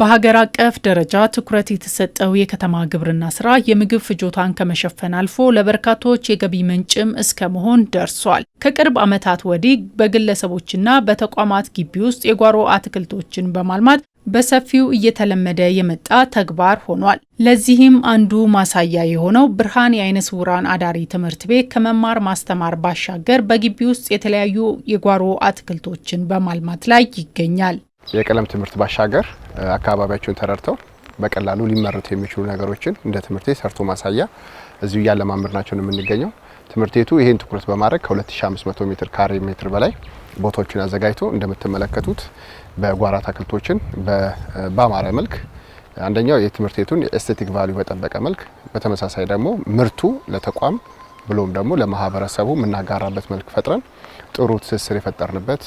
በሀገር አቀፍ ደረጃ ትኩረት የተሰጠው የከተማ ግብርና ስራ የምግብ ፍጆታን ከመሸፈን አልፎ ለበርካቶች የገቢ ምንጭም እስከ መሆን ደርሷል። ከቅርብ ዓመታት ወዲህ በግለሰቦችና በተቋማት ግቢ ውስጥ የጓሮ አትክልቶችን በማልማት በሰፊው እየተለመደ የመጣ ተግባር ሆኗል። ለዚህም አንዱ ማሳያ የሆነው ብርሃን የአይነ ስውራን አዳሪ ትምህርት ቤት ከመማር ማስተማር ባሻገር በግቢ ውስጥ የተለያዩ የጓሮ አትክልቶችን በማልማት ላይ ይገኛል። የቀለም ትምህርት ባሻገር አካባቢያቸውን ተረድተው በቀላሉ ሊመረቱ የሚችሉ ነገሮችን እንደ ትምህርት ቤት ሰርቶ ማሳያ እዚሁ ናቸው ነው የምንገኘው። ትምህርት ቤቱ ይህን ትኩረት በማድረግ ከ2500 ሜትር ካሬ ሜትር በላይ ቦታዎችን አዘጋጅቶ እንደምትመለከቱት በጓራ አትክልቶችን በአማረ መልክ አንደኛው የትምህርት ቤቱን የኤስቴቲክ ቫሊዩ በጠበቀ መልክ፣ በተመሳሳይ ደግሞ ምርቱ ለተቋም ብሎም ደግሞ ለማህበረሰቡ የምናጋራበት መልክ ፈጥረን ጥሩ ትስስር የፈጠርንበት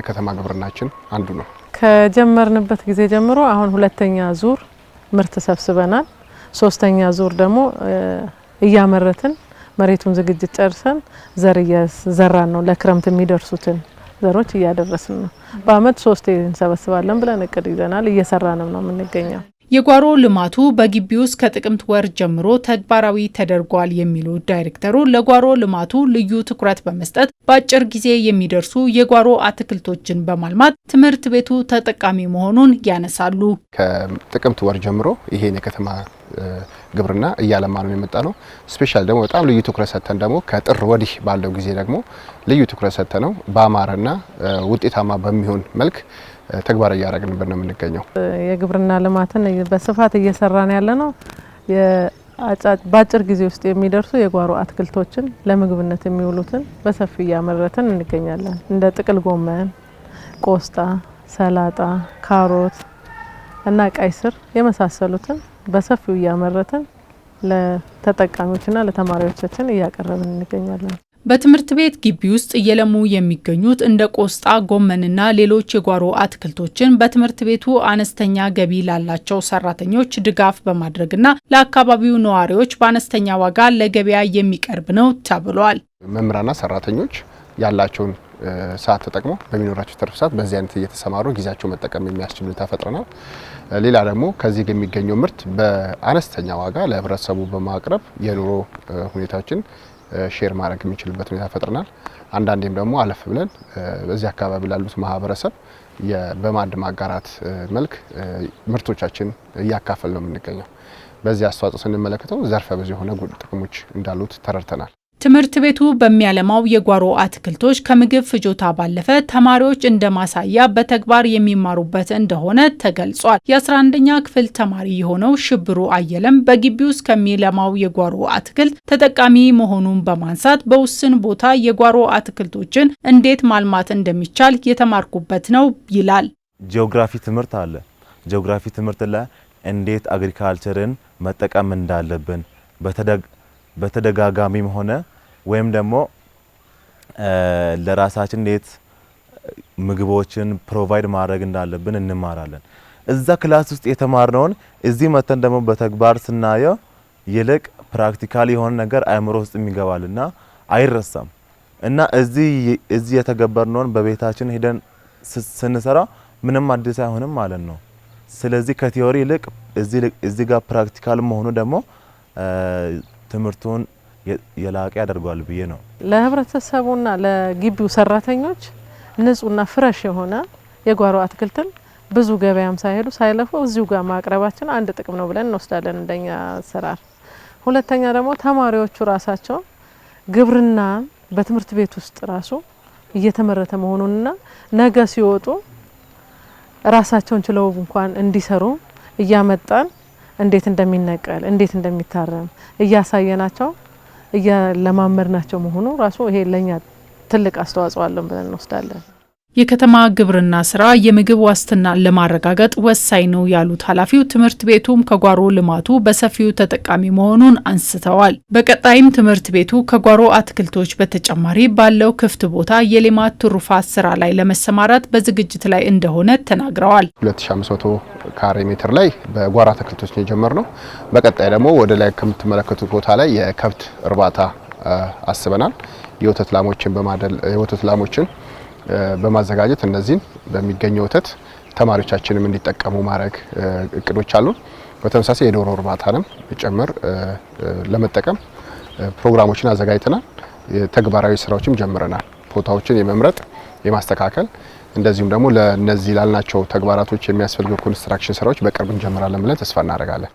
የከተማ ግብርናችን አንዱ ነው። ከጀመርንበት ጊዜ ጀምሮ አሁን ሁለተኛ ዙር ምርት ሰብስበናል። ሶስተኛ ዙር ደግሞ እያመረትን መሬቱን ዝግጅት ጨርሰን ዘር እየዘራን ነው። ለክረምት የሚደርሱትን ዘሮች እያደረስን ነው። በአመት ሶስቴ እንሰበስባለን ብለን እቅድ ይዘናል። እየሰራንም ነው የምንገኘው። የጓሮ ልማቱ በግቢ ውስጥ ከጥቅምት ወር ጀምሮ ተግባራዊ ተደርጓል የሚሉ ዳይሬክተሩ ለጓሮ ልማቱ ልዩ ትኩረት በመስጠት በአጭር ጊዜ የሚደርሱ የጓሮ አትክልቶችን በማልማት ትምህርት ቤቱ ተጠቃሚ መሆኑን ያነሳሉ። ከጥቅምት ወር ጀምሮ ይሄን የከተማ ግብርና እያለማ ነው የመጣ ነው። ስፔሻል ደግሞ በጣም ልዩ ትኩረት ሰጥተን ደግሞ ከጥር ወዲህ ባለው ጊዜ ደግሞ ልዩ ትኩረት ሰጥተ ነው በአማረና ውጤታማ በሚሆን መልክ ተግባር እያደረግንበት ነው የምንገኘው። የግብርና ልማትን በስፋት እየሰራን ያለ ነው። በአጭር ጊዜ ውስጥ የሚደርሱ የጓሮ አትክልቶችን ለምግብነት የሚውሉትን በሰፊው እያመረትን እንገኛለን። እንደ ጥቅል ጎመን፣ ቆስጣ፣ ሰላጣ፣ ካሮት እና ቀይ ስር የመሳሰሉትን በሰፊው እያመረትን ለተጠቃሚዎችና ለተማሪዎቻችን እያቀረብን እንገኛለን። በትምህርት ቤት ግቢ ውስጥ እየለሙ የሚገኙት እንደ ቆስጣ፣ ጎመንና ሌሎች የጓሮ አትክልቶችን በትምህርት ቤቱ አነስተኛ ገቢ ላላቸው ሰራተኞች ድጋፍ በማድረግና ለአካባቢው ነዋሪዎች በአነስተኛ ዋጋ ለገበያ የሚቀርብ ነው ተብሏል። መምህራንና ሰራተኞች ያላቸውን ሰዓት ተጠቅሞ በሚኖራቸው ትርፍ ሰዓት በዚህ አይነት እየተሰማሩ ጊዜያቸው መጠቀም የሚያስችል ሁኔታ ፈጥረናል። ሌላ ደግሞ ከዚህ የሚገኘው ምርት በአነስተኛ ዋጋ ለህብረተሰቡ በማቅረብ የኑሮ ሁኔታችን ሼር ማድረግ የሚችልበት ሁኔታ ፈጥረናል። አንዳንዴም ደግሞ አለፍ ብለን በዚህ አካባቢ ላሉት ማህበረሰብ በማዕድ ማጋራት መልክ ምርቶቻችን እያካፈል ነው የምንገኘው። በዚህ አስተዋጽኦ ስንመለከተው ዘርፈ ብዙ የሆነ ጥቅሞች እንዳሉት ተረድተናል። ትምህርት ቤቱ በሚያለማው የጓሮ አትክልቶች ከምግብ ፍጆታ ባለፈ ተማሪዎች እንደ ማሳያ በተግባር የሚማሩበት እንደሆነ ተገልጿል። የ11ኛ ክፍል ተማሪ የሆነው ሽብሩ አየለም በግቢ ውስጥ ከሚለማው የጓሮ አትክልት ተጠቃሚ መሆኑን በማንሳት በውስን ቦታ የጓሮ አትክልቶችን እንዴት ማልማት እንደሚቻል የተማርኩበት ነው ይላል። ጂኦግራፊ ትምህርት አለ። ጂኦግራፊ ትምህርት ላይ እንዴት አግሪካልቸርን መጠቀም እንዳለብን በተደጋጋሚም ሆነ ወይም ደግሞ ለራሳችን እንዴት ምግቦችን ፕሮቫይድ ማድረግ እንዳለብን እንማራለን። እዛ ክላስ ውስጥ የተማርነውን እዚህ መተን ደግሞ በተግባር ስናየው ይልቅ ፕራክቲካል የሆነ ነገር አእምሮ ውስጥ የሚገባልና አይረሳም እና እዚህ እዚህ የተገበርነውን በቤታችን ሄደን ስንሰራ ምንም አዲስ አይሆንም ማለት ነው። ስለዚህ ከቲዮሪ ይልቅ እዚህ ጋር ፕራክቲካል መሆኑ ደግሞ ትምህርቱን የላቀ ያደርገዋል ብዬ ነው። ለህብረተሰቡና ለግቢው ሰራተኞች ንጹህና ፍረሽ የሆነ የጓሮ አትክልትን ብዙ ገበያም ሳይሄዱ ሳይለፉ እዚሁ ጋር ማቅረባችን አንድ ጥቅም ነው ብለን እንወስዳለን እንደኛ አሰራር። ሁለተኛ ደግሞ ተማሪዎቹ ራሳቸው ግብርና በትምህርት ቤት ውስጥ ራሱ እየተመረተ መሆኑንና ነገ ሲወጡ ራሳቸውን ችለው እንኳን እንዲሰሩ እያመጣን እንዴት እንደሚነቀል እንዴት እንደሚታረም እያሳየናቸው እያለማመድናቸው መሆኑ ራሱ ይሄ ለእኛ ትልቅ አስተዋጽኦ አለን ብለን እንወስዳለን። የከተማ ግብርና ስራ የምግብ ዋስትናን ለማረጋገጥ ወሳኝ ነው ያሉት ኃላፊው ትምህርት ቤቱም ከጓሮ ልማቱ በሰፊው ተጠቃሚ መሆኑን አንስተዋል። በቀጣይም ትምህርት ቤቱ ከጓሮ አትክልቶች በተጨማሪ ባለው ክፍት ቦታ የሌማት ትሩፋት ስራ ላይ ለመሰማራት በዝግጅት ላይ እንደሆነ ተናግረዋል። 2500 ካሬ ሜትር ላይ በጓሮ አትክልቶች ነው የጀመርነው። በቀጣይ ደግሞ ወደ ላይ ከምትመለከቱት ቦታ ላይ የከብት እርባታ አስበናል። የወተት ላሞችን በማደል የወተት ላሞችን በማዘጋጀት እነዚህን በሚገኘው ወተት ተማሪዎቻችንም እንዲጠቀሙ ማድረግ እቅዶች አሉ። በተመሳሳይ የዶሮ እርባታንም ጭምር ለመጠቀም ፕሮግራሞችን አዘጋጅተናል። ተግባራዊ ስራዎችም ጀምረናል። ቦታዎችን የመምረጥ የማስተካከል እንደዚሁም ደግሞ ለነዚህ ላልናቸው ተግባራቶች የሚያስፈልጉ ኮንስትራክሽን ስራዎች በቅርብ እንጀምራለን ብለን ተስፋ እናደርጋለን።